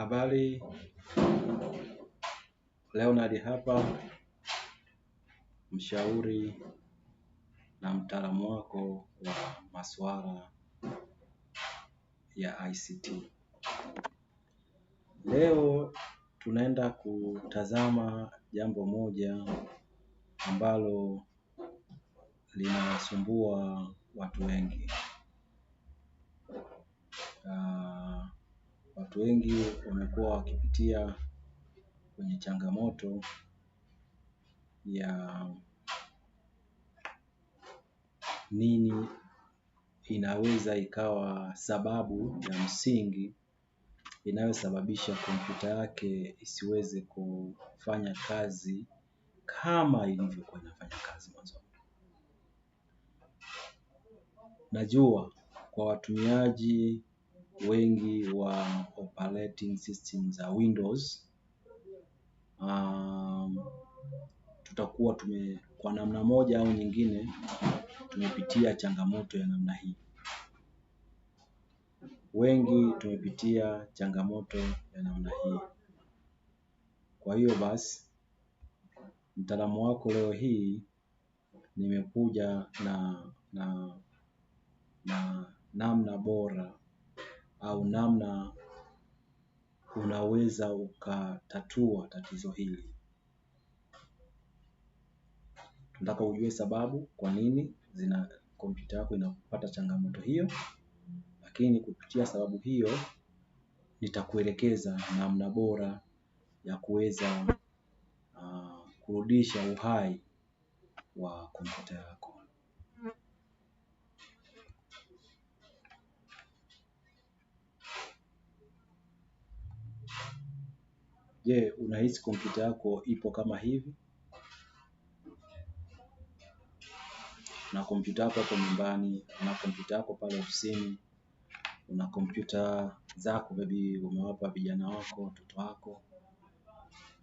Habari Leonard hapa, mshauri na mtaalamu wako wa masuala ya ICT. Leo tunaenda kutazama jambo moja ambalo linawasumbua watu wengi. Uh, Watu wengi wamekuwa wakipitia kwenye changamoto ya nini inaweza ikawa sababu ya msingi inayosababisha kompyuta yake isiweze kufanya kazi kama ilivyokuwa inafanya kazi mwanzo. Najua kwa watumiaji wengi wa operating system za Windows um, tutakuwa tume kwa namna moja au nyingine tumepitia changamoto ya namna hii. Wengi tumepitia changamoto ya namna hii. Kwa hiyo basi, mtaalamu wako leo hii nimekuja na na na namna bora au namna unaweza ukatatua tatizo hili. Tunataka ujue sababu kwa nini zina kompyuta yako inapata changamoto hiyo, lakini kupitia sababu hiyo nitakuelekeza namna bora ya kuweza uh, kurudisha uhai wa kompyuta yako. Je, unahisi kompyuta yako ipo kama hivi? Una kompyuta yako hapo nyumbani, una kompyuta yako pale ofisini, una kompyuta zako maybe umewapa vijana wako, watoto wako.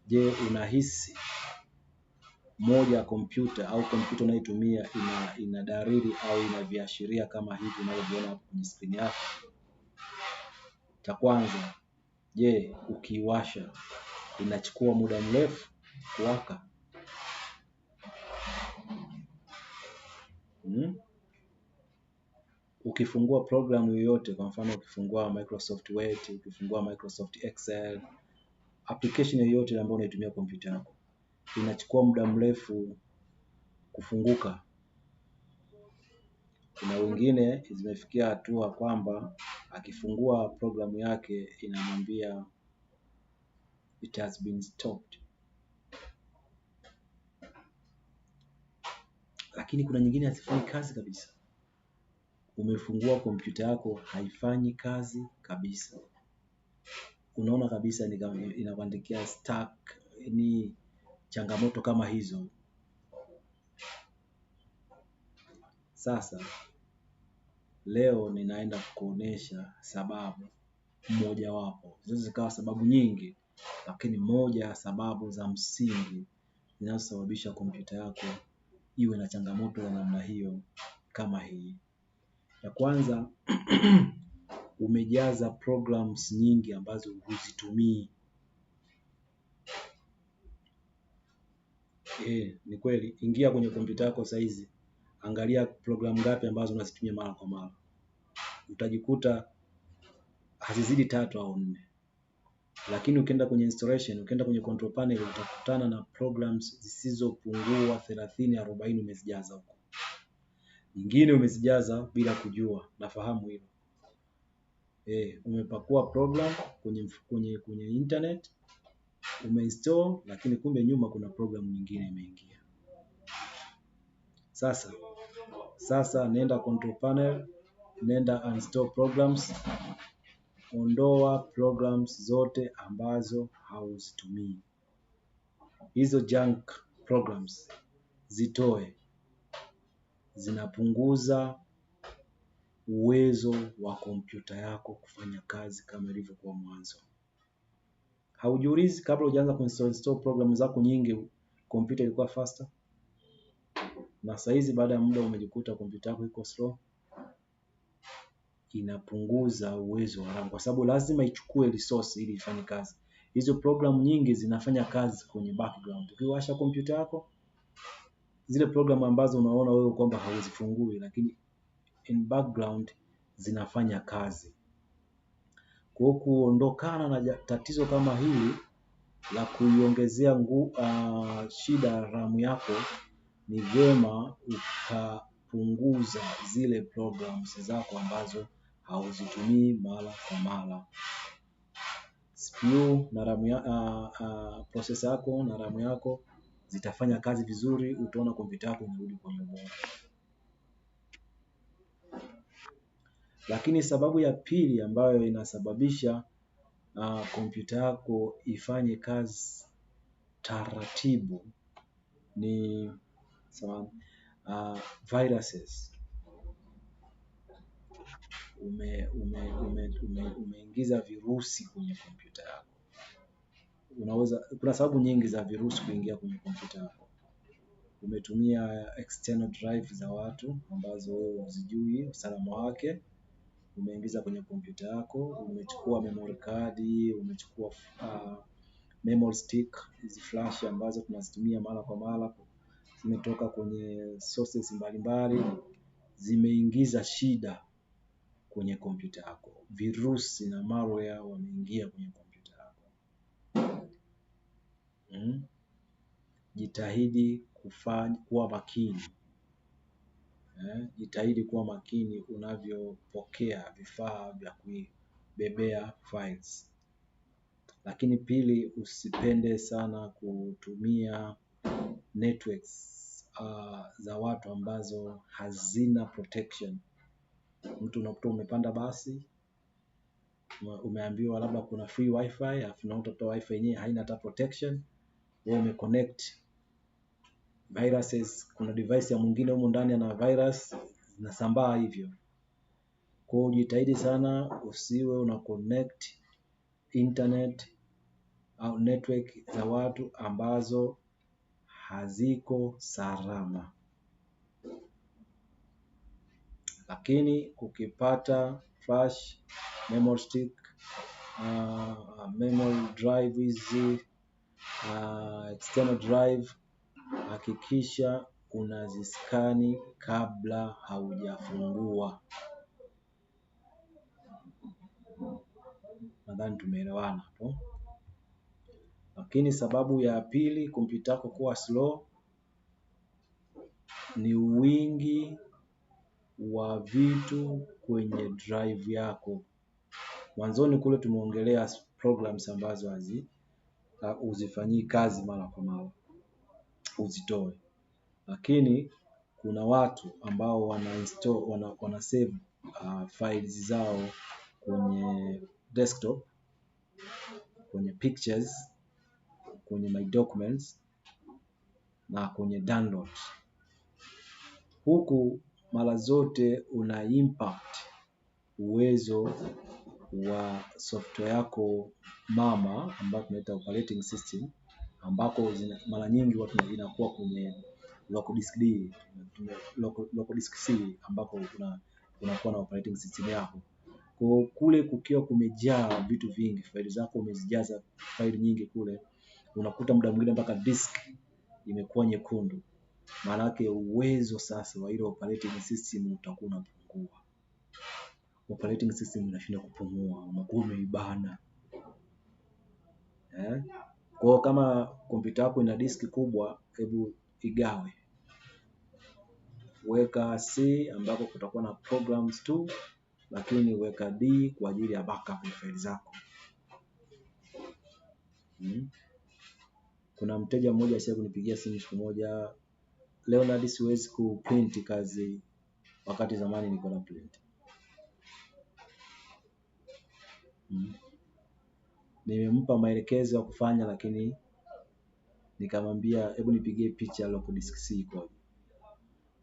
Je, unahisi moja ya kompyuta au kompyuta unayotumia ina, ina dalili au ina viashiria kama hivi unavyoviona hapo kwenye skrini yako? Cha kwanza, je, ukiwasha inachukua muda mrefu kuwaka. Hmm? Ukifungua programu yoyote, kwa mfano ukifungua Microsoft Word, ukifungua Microsoft Excel, application yoyote ambayo unaitumia kompyuta yako, inachukua muda mrefu kufunguka. Kuna wengine zimefikia hatua kwamba akifungua programu yake inamwambia It has been stopped. Lakini kuna nyingine hazifanyi kazi kabisa. Umefungua kompyuta yako haifanyi kazi kabisa, unaona kabisa inakuandikia stuck, ni changamoto kama hizo. Sasa leo ninaenda kukuonesha sababu mmojawapo zinaweza zikawa sababu nyingi, lakini moja ya sababu za msingi zinazosababisha kompyuta yako iwe na changamoto ya namna hiyo kama hii. Ya kwanza umejaza programs nyingi ambazo huzitumii. E, ni kweli. Ingia kwenye kompyuta yako saizi angalia programu ngapi ambazo unazitumia mara kwa mara, utajikuta hazizidi tatu au nne lakini ukienda kwenye installation, ukienda kwenye control panel utakutana na programs zisizopungua 30 40 umezijaza huko. Nyingine umezijaza bila kujua, nafahamu hilo. Eh, umepakua program kwenye kwenye kwenye internet umeinstall, lakini kumbe nyuma kuna program nyingine imeingia. Sasa sasa nenda control panel, nenda uninstall programs ondoa programs zote ambazo hauzitumii, hizo junk programs zitoe, zinapunguza uwezo wa kompyuta yako kufanya kazi kama ilivyokuwa mwanzo. Haujiulizi kabla hujaanza kuinstall install programu zako nyingi, kompyuta ilikuwa faster? Na saa hizi baada ya muda umejikuta kompyuta yako iko slow inapunguza uwezo wa RAM kwa sababu lazima ichukue resource ili ifanye kazi. Hizo program nyingi zinafanya kazi kwenye background. Ukiwasha kompyuta yako, zile program ambazo unaona wewe kwamba hauzifungui, lakini in background zinafanya kazi. Kwa hiyo kuondokana na tatizo kama hili la kuiongezea uh, shida ramu yako, ni vyema ukapunguza zile programs zako ambazo hauzitumii mara kwa mara. CPU na ramu ya, uh, uh, process yako na ramu yako zitafanya kazi vizuri, utaona kompyuta yako inarudi kwenye ubora. Lakini sababu ya pili ambayo inasababisha uh, kompyuta yako ifanye kazi taratibu ni sawa, uh, viruses umeingiza ume, ume, ume, ume virusi kwenye kompyuta yako. Unaweza, kuna sababu nyingi za virusi kuingia kwenye kompyuta yako. Umetumia external drive za watu ambazo wewe huzijui usalama wake, umeingiza kwenye kompyuta yako, umechukua memory card, umechukua uh, memory stick hizi flash ambazo tunazitumia mara kwa mara, zimetoka kwenye sources mbalimbali, zimeingiza shida kwenye kompyuta yako. Virusi na malware wameingia kwenye kompyuta yako mm. Jitahidi kufanya kuwa makini eh, jitahidi kuwa makini unavyopokea vifaa vya kubebea files. Lakini pili, usipende sana kutumia networks uh, za watu ambazo hazina protection mtu unakuta umepanda basi umeambiwa labda kuna free wifi, afu na utakuta wifi yenyewe haina hata protection. Wewe umeconnect viruses, kuna device ya mwingine humo ndani ana virus zinasambaa hivyo. Kwa hiyo jitahidi sana usiwe una connect internet au network za watu ambazo haziko salama. lakini kukipata flash memory stick, uh, uh, memory drive hizi uh, external drive hakikisha unaziskani kabla haujafungua. Nadhani tumeelewana hapo. Lakini sababu ya pili kompyuta yako kuwa slow ni wingi wa vitu kwenye drive yako. Mwanzoni kule tumeongelea programs ambazo hazi uzifanyii kazi mara kwa mara, uzitoe. Lakini kuna watu ambao wana install, wana, wana save uh, files zao kwenye desktop, kwenye pictures, kwenye my documents na kwenye downloads. Huku mara zote una impact uwezo wa software yako mama ambayo tunaita operating system, ambako mara nyingi watu inakuwa kwenye local disk D, local, local disk C ambako unakuwa na operating system yako kwa kule kukiwa kumejaa vitu vingi, faili zako umezijaza faili nyingi kule, unakuta muda mwingine mpaka disk imekuwa nyekundu maanake uwezo sasa wa ile operating system utakuwa unapungua. Operating system inashinda kupumua, unakuwa umeibana eh? Kwa kama kompyuta yako ina diski kubwa, hebu igawe, weka C ambako kutakuwa na programs tu, lakini weka D kwa ajili ya backup ya faili zako hmm. Kuna mteja mmoja asiye kunipigia simu siku moja leo hadi siwezi kuprint kazi, wakati zamani niko na print. Hmm. Nimempa maelekezo ya kufanya, lakini nikamwambia hebu nipigie picha local disk C iko.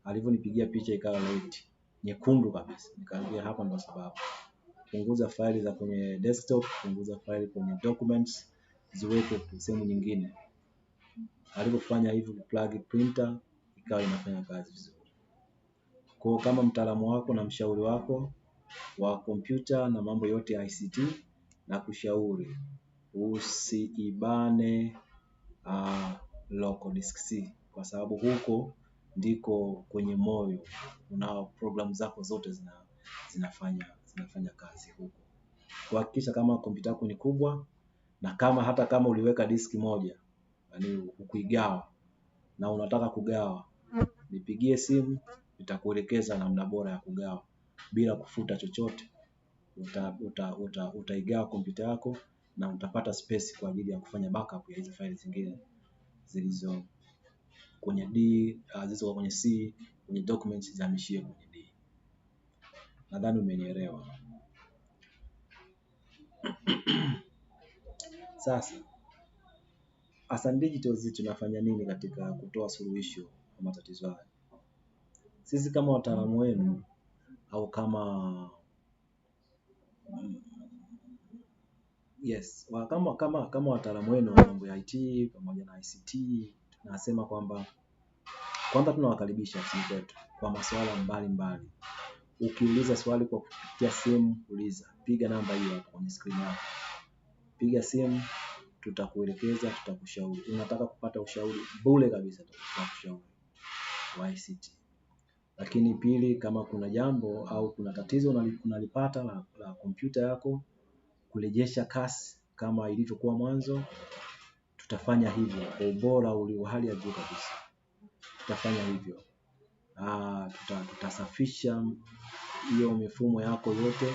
Alivyonipigia picha ikawa light nyekundu kabisa, nikaambia hapa ndo sababu. Punguza faili za kwenye desktop, punguza faili kwenye documents, ziweke sehemu nyingine. Alipofanya hivyo, plug printer ikawa inafanya kazi vizuri. Kwa kama mtaalamu wako na mshauri wako wa kompyuta na mambo yote ya ICT, na kushauri usiibane uh, local disk C kwa sababu huko ndiko kwenye moyo unao programu zako zote zina, zinafanya zinafanya kazi huko. Kuhakikisha kama kompyuta yako ni kubwa na kama hata kama uliweka diski moja yani ukuigawa na unataka kugawa nipigie simu, nitakuelekeza namna bora ya kugawa bila kufuta chochote. Utaigawa uta, uta, uta kompyuta yako na utapata space kwa ajili ya kufanya backup ya hizo faili zingine zilizo kwenye D, ah, zilizo kwenye C, kwenye documents zihamishie kwenye D. Nadhani umenielewa. Sasa Asan Digital tunafanya nini katika kutoa suluhisho kwa matatizo haya. Sisi kama wataalamu wenu au kama yes kama kama kama wataalamu wenu wa mambo ya IT pamoja na ICT, tunasema kwamba kwanza tunawakaribisha ofisini kwetu kwa masuala mbalimbali. Ukiuliza swali kwa kupitia simu, uliza, piga namba hiyo hapo kwenye skrini yako, piga simu, tutakuelekeza, tutakushauri. Unataka kupata ushauri bure kabisa, tutakushauri wa ICT. Lakini pili, kama kuna jambo au kuna tatizo unalipata la, la kompyuta yako kurejesha kasi kama ilivyokuwa mwanzo, tutafanya hivyo kwa ubora ulio hali ya juu kabisa. Tutafanya hivyo aa, ah, tuta, tutasafisha hiyo mifumo yako yote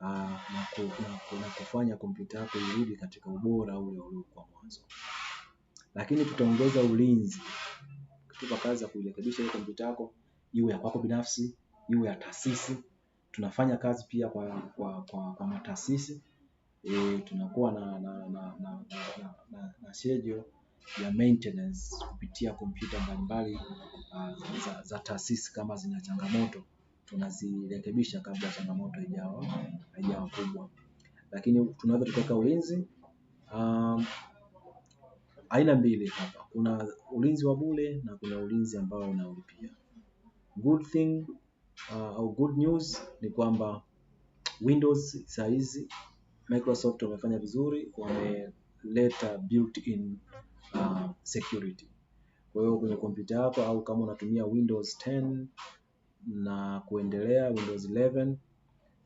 aa, ah, na, ku, na, ku, na kufanya kompyuta yako irudi katika ubora ule uliokuwa mwanzo, lakini tutaongeza ulinzi kutupa kazi ya kuirekebisha hiyo kompyuta yako iwe ya kwako binafsi, iwe ya taasisi. Tunafanya kazi pia kwa, kwa, kwa, kwa mataasisi e, tunakuwa na, na, na, na, na, na, na, na schedule ya maintenance kupitia kompyuta mbalimbali uh, za, za taasisi kama zina changamoto tunazirekebisha kabla changamoto haijawa kubwa, lakini tunaweza ulinzi um, aina mbili hapa, kuna ulinzi wa bure na kuna ulinzi ambao unaulipia. Good thing uh, au good news ni kwamba Windows saa hizi Microsoft wamefanya vizuri, wameleta built-in uh, security. Kwa hiyo kwenye kompyuta yako au kama unatumia Windows 10 na kuendelea, Windows 11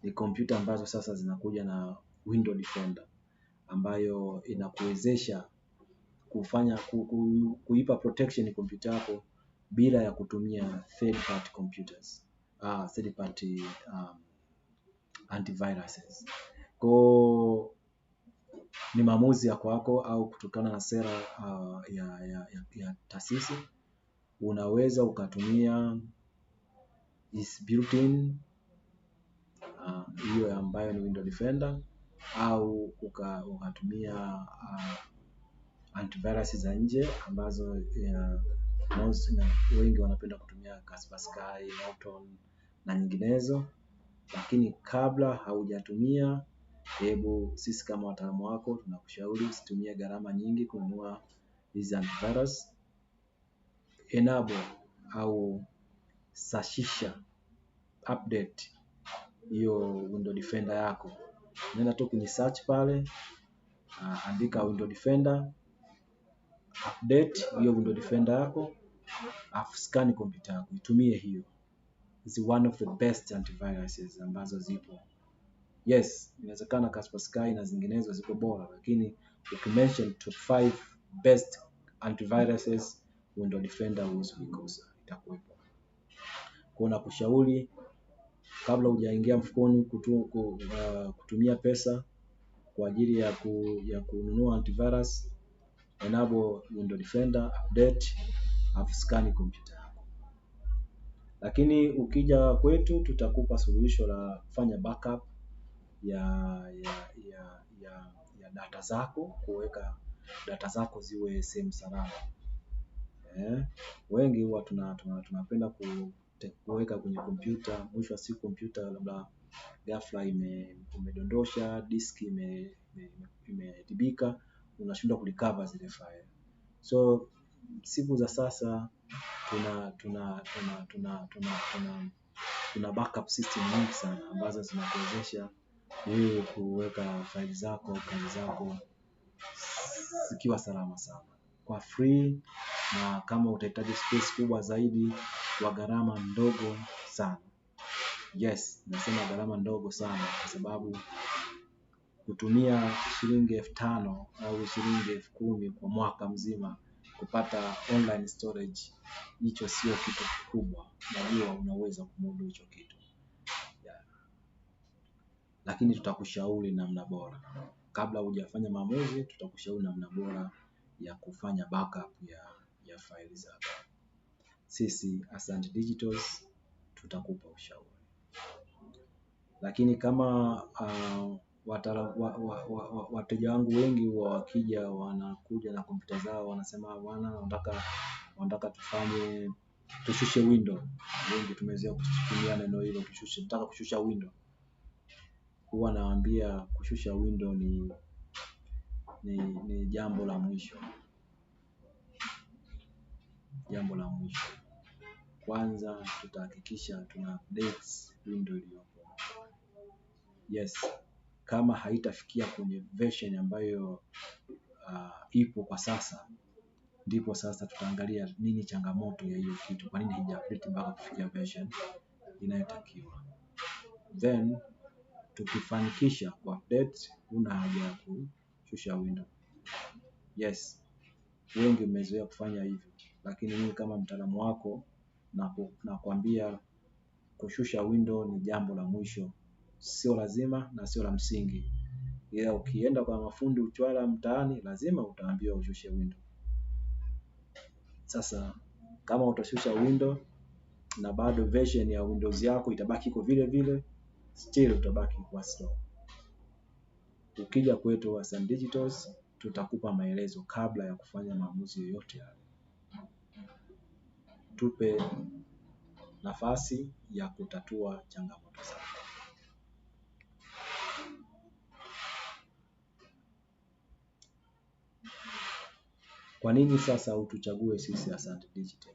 ni kompyuta ambazo sasa zinakuja na Window Defender ambayo inakuwezesha kufanya kuipa protection kompyuta yako bila ya kutumia third party computers, uh, third party um, antiviruses. ko ni maamuzi ya kwako au kutokana na sera uh, ya, ya, ya, ya taasisi unaweza ukatumia is built-in ah, hiyo uh, ambayo ni Window Defender au ukatumia uka antivirus za nje ambazo ya, most, na wengi wanapenda kutumia Kaspersky, Norton na nyinginezo, lakini kabla haujatumia, hebu sisi kama wataalamu wako tunakushauri usitumie gharama nyingi kununua hizi antivirus. Enable au sashisha update hiyo Window Defender yako, nenda tu kwenye search pale, ah, andika Window Defender update hiyo window defender yako, afu scan kompyuta yako, itumie hiyo. Is one of the best antiviruses ambazo zipo. Yes, inawezekana Kaspersky na zinginezo ziko bora, lakini ukimention top 5 best antiviruses, window defender huwezi kuikosa, itakuwepo. Kwa na kushauri kabla hujaingia mfukoni kutu, kutu, uh, kutumia pesa kwa ajili ya, ku, ya kununua antivirus enable window defender update, afu scan kompyuta yako. Lakini ukija kwetu tutakupa suluhisho la kufanya backup ya ya ya, ya, ya data zako, kuweka data zako ziwe sehemu salama. Eh, wengi huwa tunapenda tuna, tuna kuweka kwenye kompyuta, mwisho wa siku kompyuta labda ghafla imedondosha, diski imedibika ime, ime unashindwa kulicover zile file. So siku za sasa tuna tuna tuna tuna tuna, tuna, tuna backup system nyingi sana ambazo zinakuwezesha wewe kuweka faili zako, kazi zako zikiwa salama sana kwa free, na kama utahitaji space kubwa zaidi kwa gharama ndogo sana. Yes, nasema gharama ndogo sana kwa sababu kutumia shilingi elfu tano au shilingi elfu kumi kwa mwaka mzima kupata online storage hicho sio kitu kikubwa, najua unaweza kumudu hicho kitu yeah. Lakini tutakushauri namna bora kabla hujafanya maamuzi, tutakushauri namna bora ya kufanya backup ya, ya faili zako. Sisi Ascent Digitals tutakupa ushauri, lakini kama uh, wateja wangu wengi huwa wakija wanakuja na kompyuta zao wanasema bwana wanataka wanataka tufanye tushushe window. Wengi tumezoea kutumia neno hilo kushusha, nataka kushusha window. Huwa nawaambia kushusha window ni, ni, ni jambo la mwisho, jambo la mwisho. Kwanza tutahakikisha tuna updates window iliyopo. Yes kama haitafikia kwenye version ambayo uh, ipo kwa sasa, ndipo sasa tutaangalia nini changamoto ya hiyo kitu, kwa nini haija update mpaka kufikia version inayotakiwa. Then tukifanikisha ku update, huna haja ya kushusha window. Yes, wengi mmezoea kufanya hivyo, lakini mimi kama mtaalamu wako nakwambia kushusha window ni jambo la mwisho sio lazima na sio la msingi, ila ukienda kwa mafundi uchwala mtaani lazima utaambiwa ushushe window. Sasa kama utashusha window na bado version ya Windows yako itabaki iko vile vile, still utabaki kwa slow. Ukija kwetu Wasan Digitals tutakupa maelezo kabla ya kufanya maamuzi yoyote yale. Tupe nafasi ya kutatua changamoto zako. Kwa nini sasa utuchague sisi Asante Digital?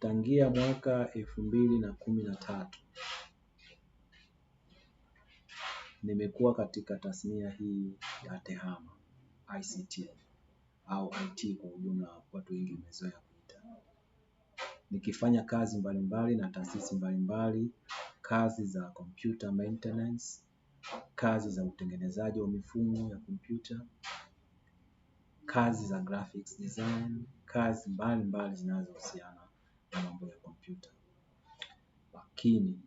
Tangia mwaka elfu mbili na kumi na tatu nimekuwa katika tasnia hii ya TEHAMA ICT au IT kwa ujumla, watu wengi wamezoea kuita, nikifanya kazi mbalimbali na taasisi mbalimbali, kazi za computer maintenance, kazi za utengenezaji wa mifumo ya kompyuta, kazi za graphics design, kazi mbalimbali zinazohusiana na mambo ya kompyuta. Lakini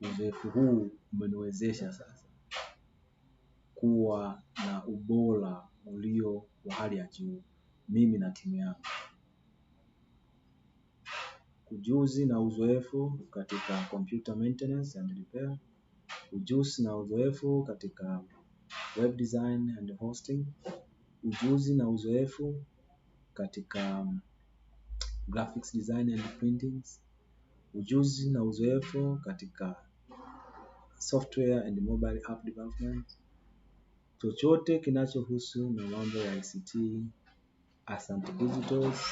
uzoefu huu umeniwezesha sasa kuwa na ubora ulio wa hali ya juu, mimi na timu yangu. Ujuzi na uzoefu katika computer maintenance and repair ujuzi na uzoefu katika web design and hosting, ujuzi na uzoefu katika um, graphics design and printings, ujuzi na uzoefu katika software and mobile app development, chochote kinachohusu na mambo ya ICT Asante Digitals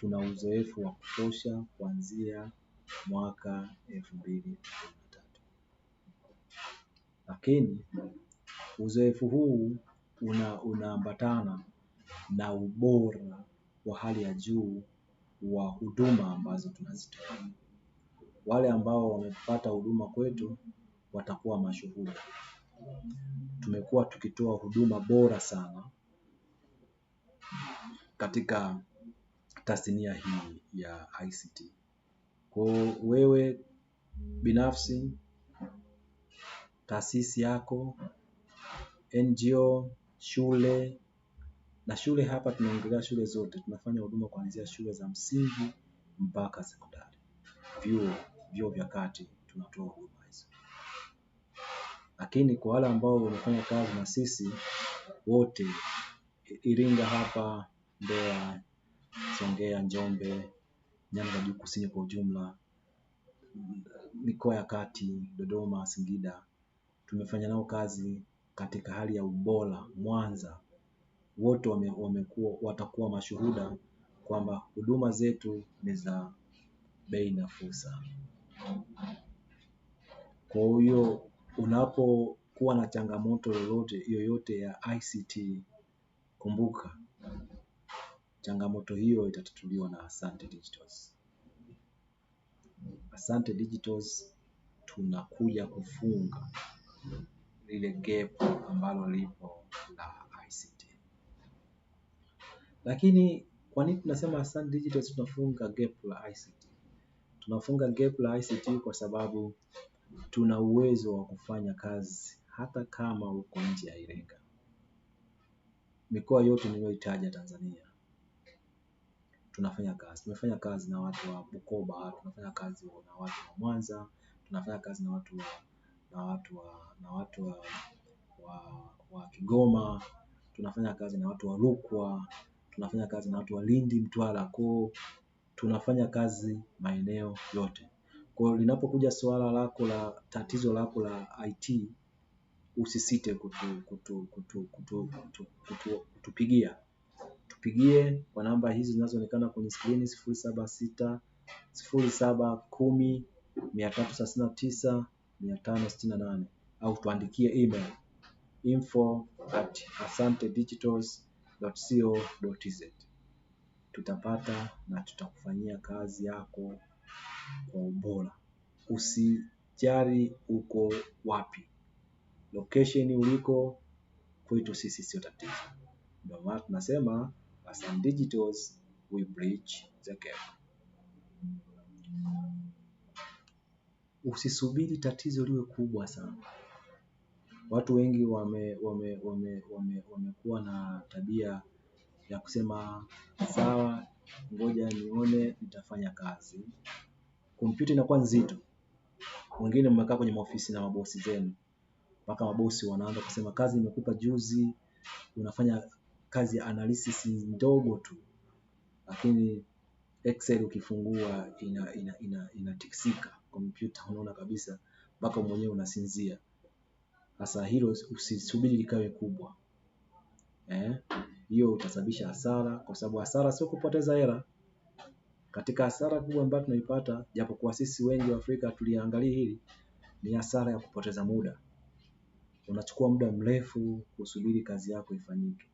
tuna uzoefu wa kutosha kuanzia mwaka elfu mbili lakini uzoefu huu una unaambatana na ubora wa hali ya juu wa huduma ambazo tunazitoa. Wale ambao wamepata huduma kwetu watakuwa mashuhuri. Tumekuwa tukitoa huduma bora sana katika tasnia hii ya ICT. Kwa wewe binafsi taasisi yako, NGO, shule na shule hapa tunaongelea shule zote. Tunafanya huduma kuanzia shule za msingi mpaka sekondari. Vyuo, vyuo vya kati tunatoa huduma hizo. Lakini kwa wale ambao wamefanya kazi na sisi wote Iringa hapa, Mbeya, Songea, Njombe, nyanda za juu kusini kwa ujumla, mikoa ya kati, Dodoma, Singida tumefanya nao kazi katika hali ya ubora Mwanza, wote wamekuwa watakuwa mashuhuda kwamba huduma zetu ni za bei nafuu sana. Kwa hiyo unapokuwa na changamoto yoyote yoyote ya ICT, kumbuka changamoto hiyo itatatuliwa na Asante Digitals. Asante Digitals tunakuja kufunga lile gap ambalo lipo la ICT. Lakini kwa nini tunasema Asante Digital tunafunga gap la ICT? Tunafunga gap la ICT kwa sababu tuna uwezo wa kufanya kazi hata kama uko nje ya Iringa, mikoa yote niliyoitaja Tanzania tunafanya kazi. Tumefanya kazi na watu wa Bukoba, tunafanya kazi na watu wa Mwanza, tunafanya kazi na watu wa na watu wa na watu wa, wa, wa Kigoma, tunafanya kazi na watu wa Rukwa, tunafanya kazi na watu wa Lindi, Mtwara, koo tunafanya kazi maeneo yote. Kwa hiyo linapokuja suala lako la tatizo lako la IT usisite kutupigia kutu, kutu, kutu, kutu, kutu, kutu tupigie kwa namba hizi zinazoonekana kwenye skrini sifuri saba sita sifuri saba kumi mia tatu thelathini na tisa 568 au tuandikie email info at asantedigitals.co.tz. Tutapata na tutakufanyia kazi yako kwa ubora. Usijali uko wapi, location uliko, kwetu sisi sio tatizo. Ndio maana tunasema Asante Digitals we bridge the gap usisubiri tatizo liwe kubwa sana. Watu wengi wamekuwa wame, wame, wame, wamekuwa na tabia ya kusema sawa, ngoja nione, nitafanya kazi. Kompyuta inakuwa nzito, wengine mmekaa kwenye maofisi na mabosi zenu, mpaka mabosi wanaanza kusema kazi nimekupa juzi, unafanya kazi ya analysis ndogo tu, lakini Excel ukifungua ina, ina, ina, kompyuta unaona kabisa mpaka mwenyewe unasinzia. Sasa hilo usisubiri likawe kubwa eh, hiyo utasababisha hasara, kwa sababu hasara sio kupoteza hela. Katika hasara kubwa ambayo tunaipata, japokuwa sisi wengi wa Afrika tuliangalia hili, ni hasara ya kupoteza muda. Unachukua muda mrefu kusubiri kazi yako ifanyike,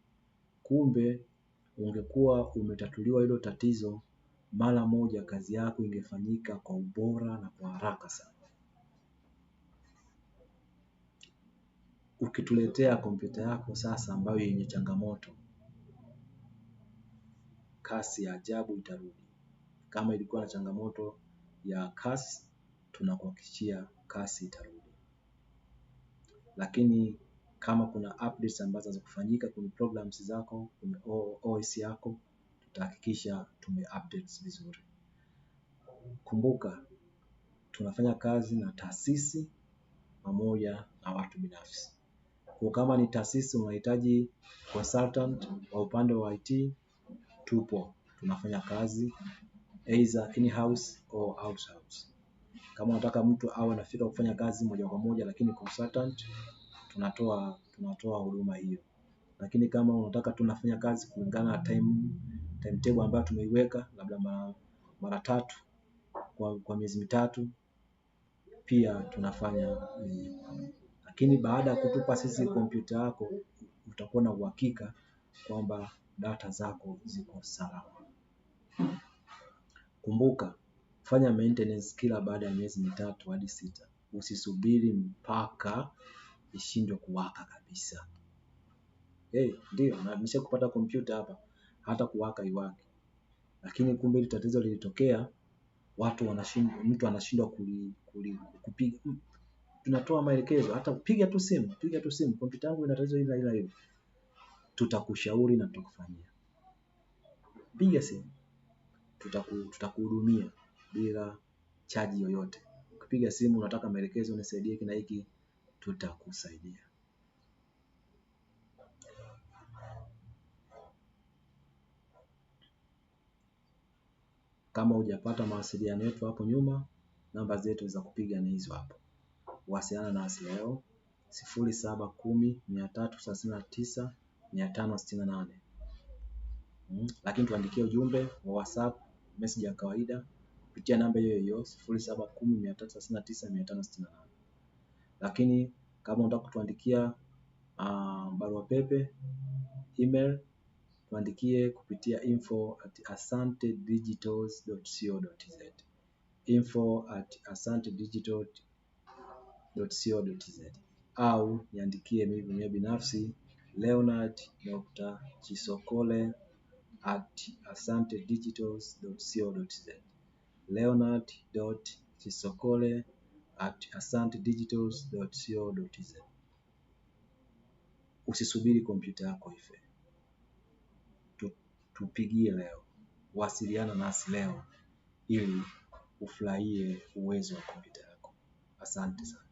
kumbe ungekuwa umetatuliwa hilo tatizo mara moja kazi yako ingefanyika kwa ubora na kwa haraka sana. Ukituletea kompyuta yako sasa ambayo yenye changamoto, kasi ya ajabu itarudi. Kama ilikuwa na changamoto ya kasi, tunakuhakikishia kasi itarudi. Lakini kama kuna updates ambazo zinazokufanyika kwenye programs zako, kwenye OS yako tutahakikisha tume updates vizuri. Kumbuka tunafanya kazi na taasisi pamoja na watu binafsi. Kwa kama ni taasisi unahitaji consultant wa upande wa IT, tupo tunafanya kazi either in-house or out-house. Kama unataka mtu awe anafika kufanya kazi moja kwa moja, lakini consultant tunatoa tunatoa huduma hiyo, lakini kama unataka tunafanya kazi kulingana na time timetable ambayo tumeiweka labda mara, mara tatu kwa, kwa miezi mitatu pia tunafanya mm. Lakini baada ya kutupa sisi kompyuta yako utakuwa na uhakika kwamba data zako ziko salama. Kumbuka, fanya maintenance kila baada ya miezi mitatu hadi sita. Usisubiri mpaka ishindwe kuwaka kabisa. Hey, ndio na nimeshakupata kompyuta hapa hata kuwaka iwake. Lakini kumbe hili tatizo lilitokea, watu wanashindwa, mtu anashindwa kupiga. Tunatoa maelekezo, hata piga tu simu, piga tu simu, kompyuta yangu ina tatizo hili hili hili, tutakushauri na tutakufanyia. Piga simu, tutakuhudumia bila chaji yoyote. Ukipiga simu, unataka maelekezo, nisaidie hiki na hiki, tutakusaidia. Kama hujapata mawasiliano yetu hapo nyuma, namba zetu za kupiga ni hizo hapo. Wasiliana na asili leo sifuri saba kumi mia tatu tisa mia tano nane. Hmm, lakini tuandikie ujumbe wa WhatsApp message ya kawaida kupitia namba hiyo hiyo sifuri saba kumi tisa Lakini kama unataka kutuandikia uh, barua pepe email tuandikie kupitia info at asantedigitals.co.tz info at asantedigitals.co.tz au niandikie mimi mwenyewe binafsi Leonard Dr. Chisokole at asantedigitals.co.tz Leonard Chisokole at asantedigitals.co.tz. Usisubiri kompyuta yako ife tupigie leo, wasiliana nasi leo ili ufurahie uwezo wa kompyuta yako. Asante sana.